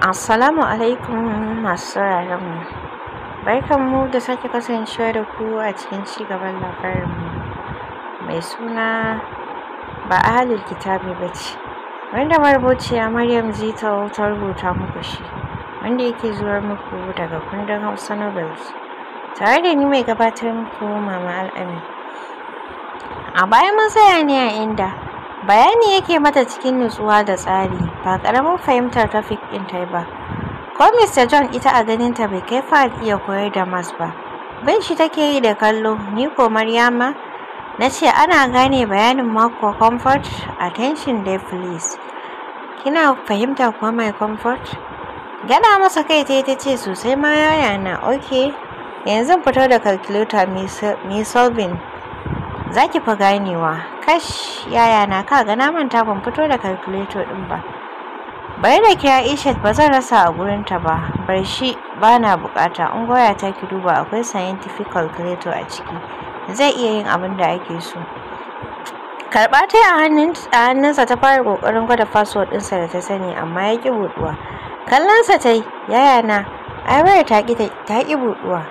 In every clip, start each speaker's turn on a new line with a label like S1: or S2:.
S1: Assalamu alaikum masu sauraron mu. Barkan mu da sake kasancewa da ku a cikin cigaban labarin mu. Mai suna ba ahalul kitabi bace. Wanda marubuciya Maryam Zita ta rubuta muku shi. Wanda yake zuwa muku daga kundin Hausa Novels. Tare da ni mai gabatar muku Mama Al'amin. A baya mun tsaya ne a inda bayani yake mata cikin nutsuwa da tsari ba ƙaramin fahimtar tafik ɗin ta ba ko mr john ita a ganinta bai kai fahad iya koyar da mas ba bin shi take yi da kallo ni ko maryama na ce ana gane bayanin mako comfort attention dai please kina fahimta kuwa mai comfort gana masa kai ta ta ce sosai ma yaya na ok yanzu fito da calculator mai solving zaki ki fi ganewa kash yaya na ka ga na manta ban fito da calculator ɗin ba bari da ke aisha ba zan rasa a gurin ta ba bar shi ba na bukata in goya ta ki duba akwai scientific calculator a ciki zai iya yin abin da ake so karɓa ta a hannunsa ta fara ƙoƙarin gwada password ɗinsa da ta sani amma ya ƙi buɗuwa kallonsa ta yi yaya na ai wayar ta ƙi buɗuwa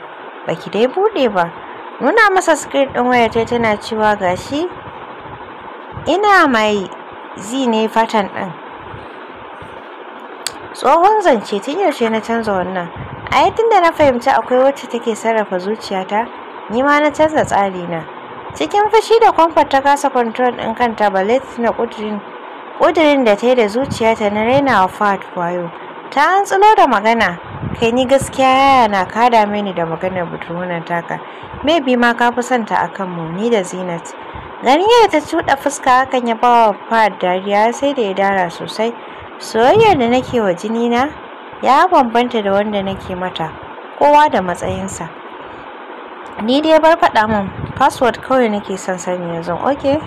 S1: baki dai buɗe ba nuna masa sikirin ɗin wayar ta tana cewa gashi ina mai zi ne fatan ɗin tsohon zance tun yaushe na canza wannan a yi da na fahimci akwai wacce take sarrafa zuciyata ni ma na canza tsarina cikin fushi da kwamfar ta kasa kwantarar ɗin kanta balet na ƙudurin da ta yi da zuciyata na raina wa fat kwayo ta hantsilo da magana kai ni gaskiya yaya na ka dame ni da maganar budurwunan taka maybe ma ka fi santa a kanmu ni da zinat Gani yadda ta cuɗa fuska hakan ya ba wa fahad dariya sai da ya dara sosai soyayyar da nake wa jini na ya bambanta da wanda nake mata kowa da matsayinsa ni dai bar faɗa min password kawai nake son sani yanzu ok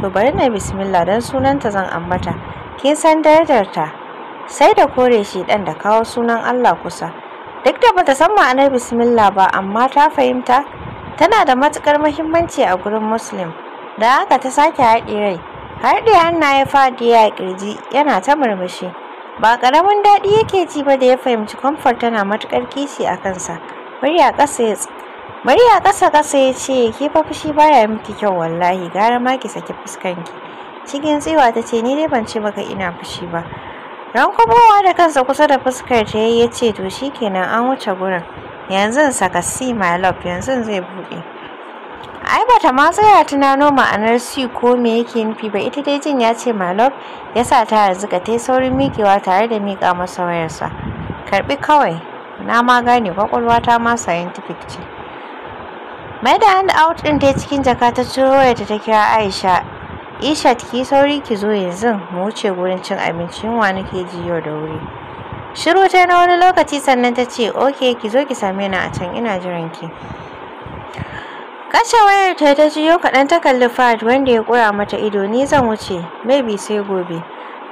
S1: to bari na bismillah don sunanta zan ambata kin san darajarta sai da kore shi ɗan da kawo sunan Allah kusa duk da bata san ma'anar bismillah ba amma ta fahimta tana da matukar muhimmanci a gurin muslim da haka ta sake haɗe rai har da ya fadi ya kirji yana ta murmushi ba karamin daɗi yake ci ba da ya fahimci kwamfar tana matukar kishi a kansa murya ƙasa ya Murya ƙasa ƙasa ya ce ki fa fushi baya miki kyau wallahi gara ma ki saki fuskanki. Cikin tsiwa ta ce ni dai ban ce maka ina fushi ba. rankumowa da kansa kusa da fuskar ta ya ce to shikenan an wuce gurin yanzu saka si my love yanzu zai buɗe ai bata ma tsaya tunano ma'anar si ko me yake nufi ba ita dai jin ya ce my love ya sa ta ka ta yi saurin miƙewa tare da miƙa masa wayarsa karɓi kawai na ma gane kwakwalwa ta ma scientific ce mai da hand out ɗin ta cikin jaka ta ciro wayarta ta kira aisha Ishat ki sauri ki zo yanzu mu wuce gurin cin abinci yunwa ke ji yau da wuri. Shiru ta na wani lokaci sannan ta ce ok ki zo ki same ni a can ina jiran ki. Kashe wayar ta ta jiyo kaɗan ta kalli fad wanda ya ƙura mata ido ni zan wuce maybe sai gobe.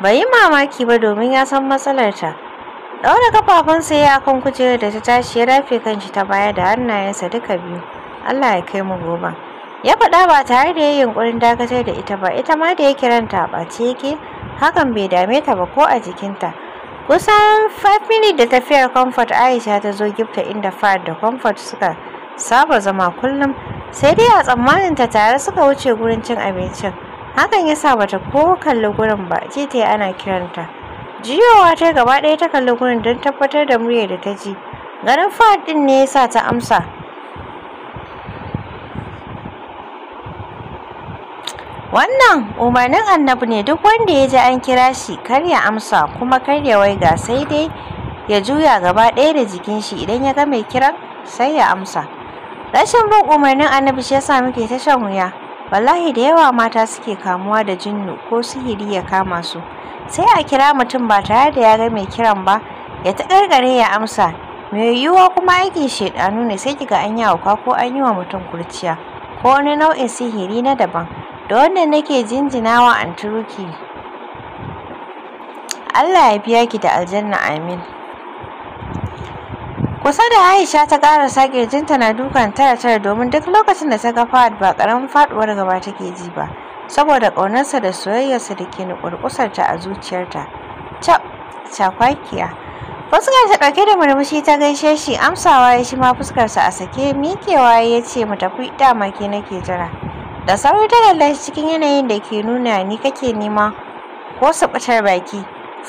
S1: Ba yi mamaki ba domin ya san matsalar ta. Ɗaura kafafunsa ya akan kujerar da ta tashi ya rafe kanshi ta baya da hannayensa duka biyu. Allah ya kai mu gobe. ya faɗa ba tare da ya yunƙurin dakatar da ita ba ita ma da ya kiranta a ce yake hakan bai dame ta ba ko a jikinta kusan 5 minutes da tafiyar comfort aisha ta zo gifta inda fad da comfort suka saba zama kullum sai dai a tsammanin ta tare suka wuce gurin cin abincin hakan ya sa bata ko kalli gurin ba titi ana kiranta jiyowa ta gaba ɗaya ta kalli gurin don tabbatar da murya da ta ji ganin fad ɗin ne ya sa ta amsa wannan umarnin annabi ne duk wanda ya ji an kira shi kar ya amsa kuma kar ya ga sai dai ya juya gaba ɗaya da jikin shi idan ya ga mai kiran sai ya amsa rashin bin umarnin annabi shi yasa muke ta shan wuya wallahi da yawa mata suke kamuwa da jinnu ko sihiri ya kama su sai a kira mutum ba tare da ya ga mai kiran ba ya ta ƙarƙare ya amsa mai yiwuwa kuma aiki shaidanu ne sai kiga an yi auka ko an yi wa mutum kurciya ko wani nau'in sihiri na daban da wannan nake jinjinawa anti Ruki Allah ya biya ki da aljanna amin kusa da Aisha ta ƙara sake jinta na dukan tara tara domin duk lokacin da ta ga fad ba ƙaramin faduwar gaba take ji ba saboda ƙaunarsa da soyayyarsa da ke nukurkusarta a zuciyarta cap cakwakiya fuskar ta ɗauke da murmushi ta gaishe shi amsawa ya shi ma fuskarsa a sake mikewa ya ce mu tafi dama ke nake jira da sauri ta kalle cikin yanayin da ke nuna ni kake nema ko su ɓatar baki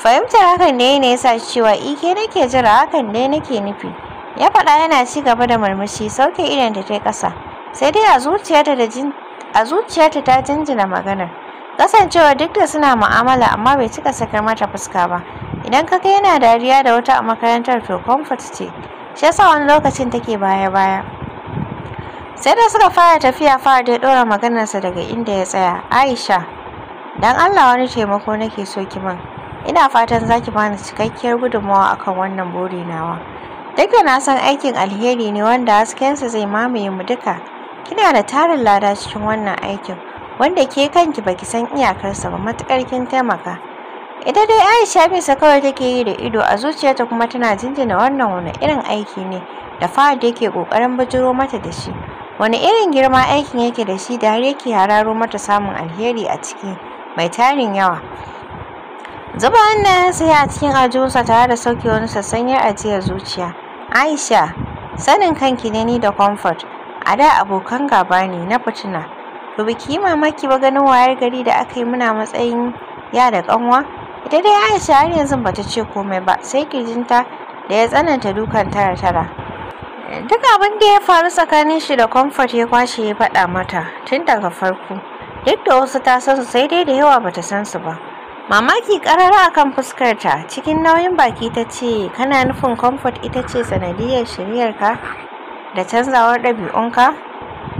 S1: fahimtar hakan ne ne yasa cewa ike nake jira hakan ne nake nufi ya faɗa yana ci gaba da murmushi sauke idan ta kai ƙasa sai dai a zuciyarta da zuciyarta ta jinjina maganar kasancewa duk da suna mu'amala amma bai cika sakar mata fuska ba idan ka ga yana dariya da wata a makarantar to comfort ce shi yasa wani lokacin take baya baya sai da suka fara tafiya fara ya ɗora maganarsa daga inda ya tsaya aisha don allah wani taimako nake so ki min ina fatan za ki bani cikakkiyar gudunmawa akan wannan buri nawa duk da na san aikin alheri ne wanda haskensa zai mamaye mu duka kina da tarin lada cikin wannan aikin wanda ke kanki baki san iyakarsa ba matukar kin taimaka ita dai aisha bisa kawai take yi da ido a zuciyarta kuma tana jinjina wannan wani irin aiki ne da fahad yake kokarin bajiro mata da shi wani irin girma aikin yake da shi da har yake hararo mata samun alheri a ciki mai tarin yawa zuba ya sai a cikin aljihunsa tare da sauke wani sassanyar ajiyar zuciya aisha sanin kanki ne ni da comfort a da abokan gaba ne na fitina to biki yi mamaki ba ganin wayar gari da aka yi muna matsayin ya da kanwa ita dai aisha har yanzu ba ta ce komai ba sai kirjinta da ya tsananta dukan tara tara duk abin da ya faru tsakanin shi da comfort ya kwashe ya faɗa mata tun daga farko duk da wasu ta san su sai dai da yawa bata san su ba mamaki karara akan ta cikin nauyin baki ta ce kana nufin comfort ita ce sanadiyar ka? da canzawar ka?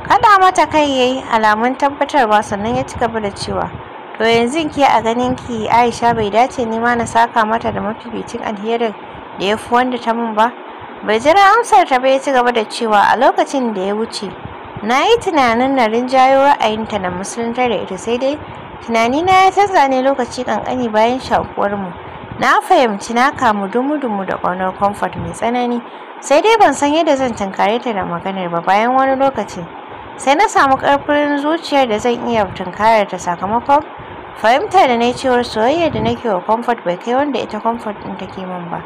S1: kada mata kai yayi alamun tabbatarwa sannan ya ci gaba da cewa to yanzu ki a ganin ki aisha bai dace ni ma na saka mata da mafificin alherin da ya fi wanda ta mun ba bai jira amsar ta bai ci gaba da cewa a lokacin da ya wuce na yi tunanin na rinjayo ra'ayinta na musulunta da ita sai dai tunani na ya canza ne lokaci kankani bayan shakuwarmu na fahimci na kamu dumu-dumu da ƙaunar comfort mai tsanani sai dai ban san yadda zan tunkare ta da maganar ba bayan wani lokaci sai na samu ƙarfin zuciyar da zan iya tunkarar ta sakamakon fahimta da na cewar soyayya da nake wa comfort bai kai wanda ita comfort ɗin take min ba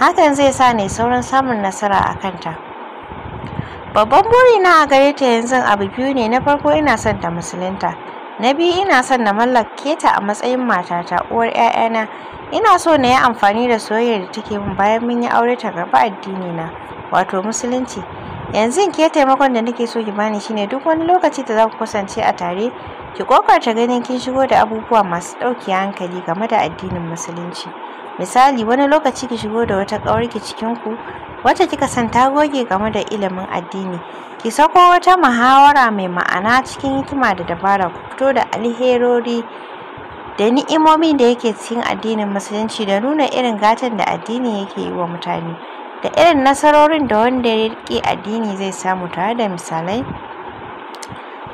S1: hakan zai sa ni sauran samun nasara a kanta babban buri na a gare ta yanzu abu biyu ne na farko ina son ta musulunta na biyu ina son na mallake ta a matsayin matata uwar 'ya'yana ina so na yi amfani da soyayya da take min bayan mun yi aure ta gaba addini na, wato musulunci yanzu ke taimakon da nake so ki bani shine duk wani lokaci da za ku kusance a tare ki kokarta ganin kin shigo da abubuwa masu ɗauke hankali game da addinin musulunci misali wani lokaci ki shigo da wata ƙawarki cikin ku wacce kika san ta goge game da ilimin addini ki sako wata muhawara mai ma'ana cikin hikima da dabara ku fito da alherori da ni'imomin da yake cikin addinin musulunci da nuna irin gatan da addini yake yi wa mutane da irin nasarorin da wanda ya riƙe addini zai samu tare da misalai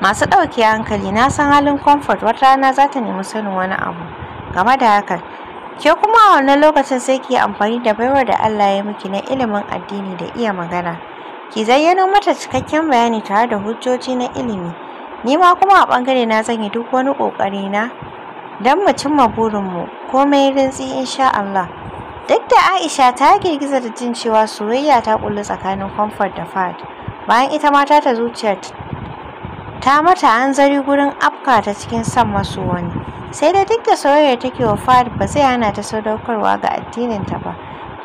S1: masu ɗauke hankali na san halin comfort wata rana za ta nemi sanin wani abu game da hakan ke kuma a wannan lokacin sai ki yi amfani da baiwar da Allah ya miki na ilimin addini da iya magana ki zayyano mata cikakken bayani tare da hujjoji na ilimi ni ma kuma a ɓangare na zan yi duk wani ƙoƙari na don mu cimma burinmu komai rintsi insha Allah duk da aisha ta girgiza da jin cewa soyayya ta kullu tsakanin comfort da fad bayan ita mata ta zuciyar ta mata hanzari gurin afka ta cikin san masu wani sai da duk da soyayyar take wa fad ba zai hana ta sadaukarwa ga addininta ba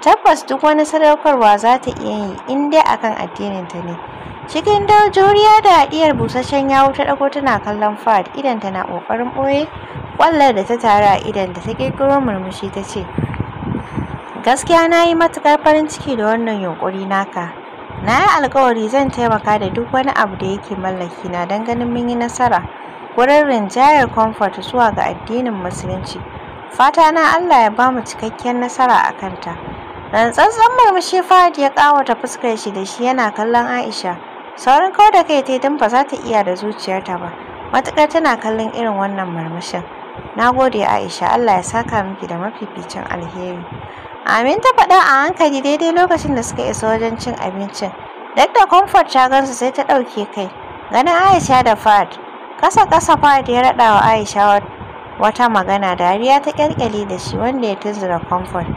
S1: tabbas duk wani sadaukarwa za ta iya yi in dai akan addininta ne cikin juriya da haɗiyar busasshen yawo ta ɗago tana kallon fad idan tana ƙoƙarin ɓoye ƙwallar da ta tare a da ta ƙirƙiro murmushi ta ce Gaskiya na yi matuƙar farin ciki da wannan yunƙuri naka. Na yi alkawari zan taimaka da duk wani abu da yake mallaki na don ganin mun yi nasara wurin rinjayar Comfort zuwa ga addinin Musulunci. Fata na Allah ya ba mu cikakkiyar nasara a kanta. Rantsatsen murmushi Fahad ya ƙawata fuskar shi da shi yana kallon Aisha. Saurin kawar da kai ta don ba za ta iya da zuciyarta ba. Matukar tana kallon irin wannan murmushin. Na gode Aisha, Allah ya saka miki da mafificin alheri. Amin ta faɗa a hankali daidai lokacin da suka isa wajen cin abincin. Duk da Comfort ta gansu sai ta ɗauke kai. Ganin Aisha da fad Kasa kasa Fad ya raɗa wa Aisha wata magana dariya ta ƙyalƙyali da shi wanda ya tunzura Comfort.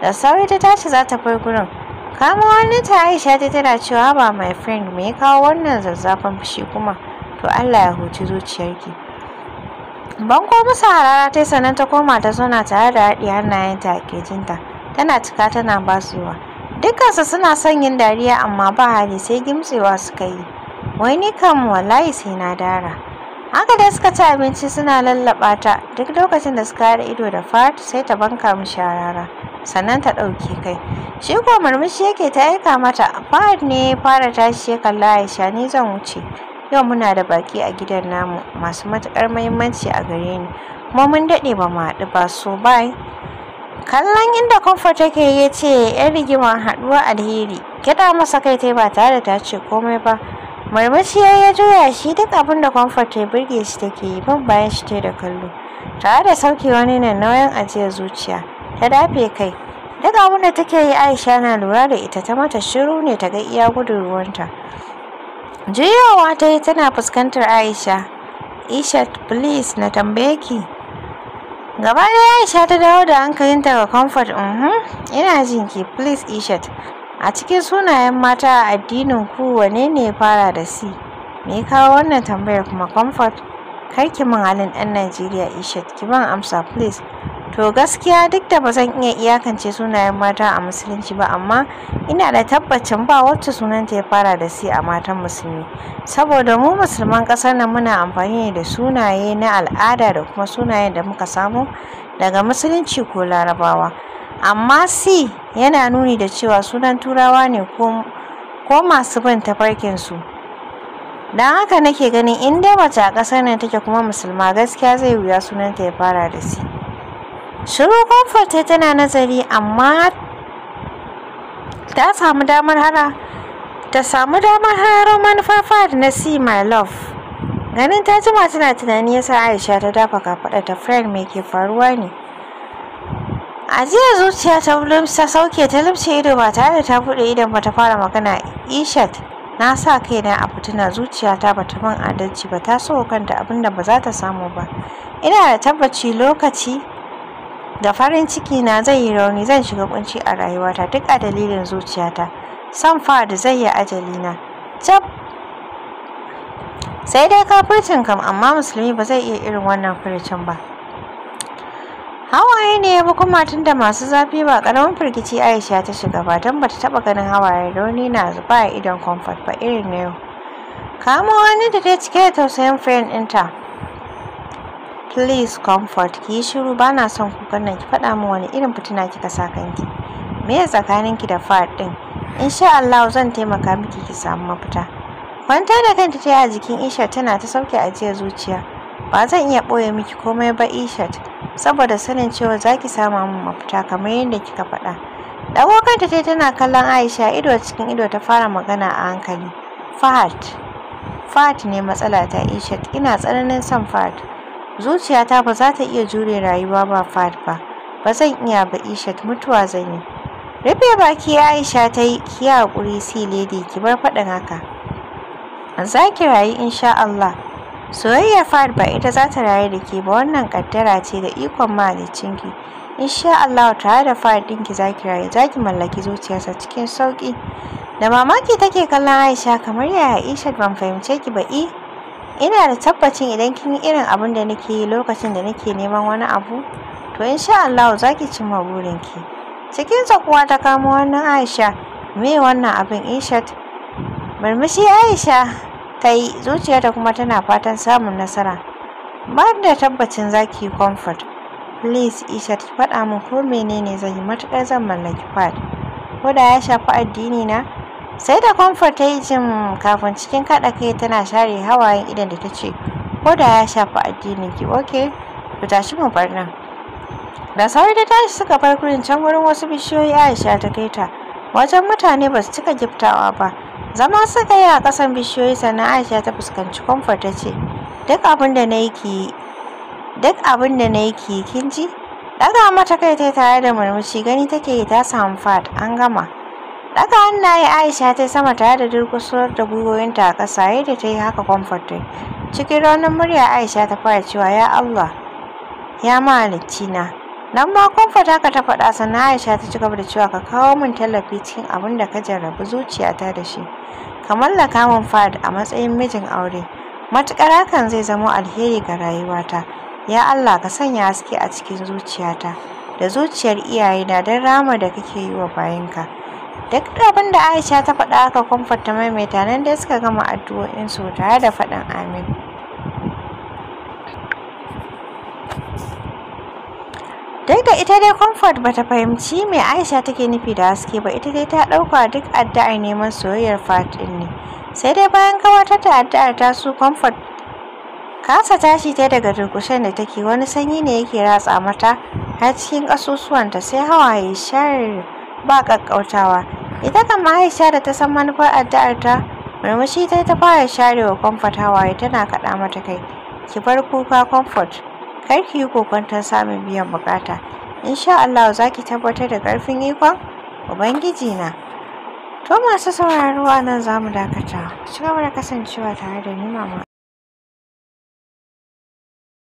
S1: Da sauri ta tashi za ta fai gurin. Kama wani ta Aisha ta tana cewa ba my friend me ya kawo wannan zazzafan fushi kuma. To Allah ya huci zuciyarki. Banko musu harara ta sannan ta koma ta zauna tare da haɗi hannayenta a kejinta. tana cika tana basuwa dukkansu suna son yin dariya amma ba hali sai gimsewa suka yi wai ni kam wallahi sai na dara haka dai suka ci abinci suna lallaɓa ta duk lokacin da suka haɗa ido da fat sai ta banka mu sharara sannan ta ɗauki kai shi ko murmushi yake ta aika mata fahad ne fara tashi ya kalla aisha ni zan wuce yau muna da baki a gidan namu masu matuƙar muhimmanci a gare ni kuma mun daɗe ba mu haɗu ba so bye kallon inda kofar take ya ce yan rigimar haɗuwa alheri gyaɗa masa kai tai ba tare da ta ce komai ba murmushi ya juya shi duk abin da kwamfar ta birge shi take yi ban bayan shi ta da kallo tare da sauke wani na nauyin ajiyar zuciya ta dafe kai duk abin da take yi aisha na lura da ita ta mata shiru ne ta ga iya gudun ruwanta juyawa ta yi tana fuskantar aisha ishat please na tambaye ki gaba ɗaya isha ta dawo da hankalinta ga comfort uhum ina jinki please ishat a cikin sunayen mata a addinin ku wane ne fara da si? me kawo wannan tambayar kuma comfort kar ki min halin ɗan najeriya ishat ki ban amsa please to gaskiya duk da ba zan iya iyakance sunayen mata a musulunci ba amma ina da tabbacin ba wacce sunanta ya fara da si a matan musulmi saboda mu musulman ƙasar nan muna amfani da sunaye na al'ada da kuma sunayen da muka samu daga musulunci ko larabawa amma si yana nuni da cewa sunan turawa ne ko masu bin tafarkinsu su don haka nake ganin in dai mace a ƙasar nan take kuma musulma gaskiya zai wuya sunanta ya fara da si shiru comfort ta tana nazari amma ta samu damar hara ta samu damar hararar manufar fad na see my love ganin ta jima tana tunani yasa aisha ta dafa kafaɗa ta friend mai ke faruwa ne a jiya zuciya ta ta sauke ta lumshe ido ba tare da ta buɗe idon ba ta fara magana ishat na sa kaina a fituna zuciyata ba ta min adalci ba ta so kanta abinda ba za ta samu ba ina da tabbaci lokaci da farin ciki na zai yi rauni zan shiga kunci a rayuwata duk a dalilin zuciyata san da zai yi ajali na jab sai dai kafircin kam amma musulmi ba zai iya irin wannan furicin ba hawaye ne ya kuma tun da masu zafi ba karamin firgici aisha ta shiga ba don ba ta taba ganin hawaye rauni na zuba a idon comfort ba irin na yau kamo wani da ta cike da tausayin friend ɗinta please comfort ki shiru ba na son kukan nan ki faɗa min wani irin fitina kika sa kanki me ya ki da fad ɗin insha Allah zan taimaka miki ki samu mafita kwanta da kanta ta a jikin Ishat tana ta sauke jiya zuciya ba zan iya ɓoye miki komai ba Ishat saboda sanin cewa za ki samu min mafita kamar yadda kika faɗa dawo kanta ta tana kallon Aisha ido cikin ido ta fara magana a hankali Fahad Fahad ne matsala ta Ishat ina tsananin son Fahad zuciyata ba za ta iya jure rayuwa ba fad ba ba zan iya ba Ishat mutuwa zan yi rufe baki Aisha ta yi ki si lady ki bar faɗin haka za ki rayu insha Allah soyayyar fad ba ita za ta rayu da ke ba wannan kaddara ce da ikon mahaliccinki insha Allah tare da fad ɗinki za ki rayu za ki mallaki zuciyarsa cikin sauƙi da mamaki take kallon Aisha kamar yaya ishat ban fahimce ki ba i eh? ina da tabbacin idan kin yi irin abin da nake yi lokacin da nake neman wani abu to insha Allah za ki cimma burinki cikin kuwa ta kama wannan Aisha me wannan abin Inshat. murmushi Aisha ta yi zuciyarta kuma tana fatan samun nasara ba da tabbacin za ki yi comfort please Ishat ki faɗa min ko menene zai yi matuƙar zan mallaki fad? ko da ya shafi addini na sai da comfort ta yi jin kafin cikin kaɗa kai tana share hawayen idan da ta ce ko da ya shafi addinin ki ok ku tashi mu bar nan da sauri ta tashi suka bar gurin can wurin wasu bishiyoyi aisha ta kai ta wajen mutane ba su cika giftawa ba zama suka yi a ƙasan bishiyoyi sannan aisha ta fuskanci comfort ta ce duk abin da na yi ki yi ki kin ji daga mata kai ta tare da murmushi gani take ta samu fat an gama Daga hannaye Aisha ta sama tare da durkusuwar da gwiwoyinta a ƙasa yadda ta yi haka kwamfatin. Cikin raunin murya Aisha ta fara cewa ya Allah ya mahalicci na. Nan ma kwamfat haka ta faɗa sannan Aisha ta ci gaba da cewa ka kawo min tallafi cikin abin da ka jarrabi zuciyata da shi. Ka mallaka min fad a matsayin mijin aure. Matuƙar hakan zai zama alheri ga rayuwata. Ya Allah ka sanya haske a cikin zuciyata da zuciyar iyayena don rama da kake yi wa bayanka. duk abin da aisha ta faɗa aka kwamfata mai nan dai suka gama addu'o'insu tare da faɗin amin duk da ita dai comfort bata fahimci mai aisha take nufi da haske ba ita dai ta ɗauka duk addu'ar neman soyayyar fatin ne sai dai bayan gabatar da addu'ar ta su comfort kasa tashi ta daga durkushen da take wani sanyi ne yake ratsa mata har cikin ƙasusuwanta sai hawaye shar ba ƙaƙƙautawa ita kan Aisha da ta san manufar addu'ar ta murmushi ta ta fara sharewa comfort hawaye tana kaɗa mata kai ki bar kuka comfort kar ki yi kokwanton samun biyan bukata insha allahu za ki tabbatar da ƙarfin ikon ubangiji na to masu sauraro a nan za mu dakata ci gaba da kasancewa tare da ni mama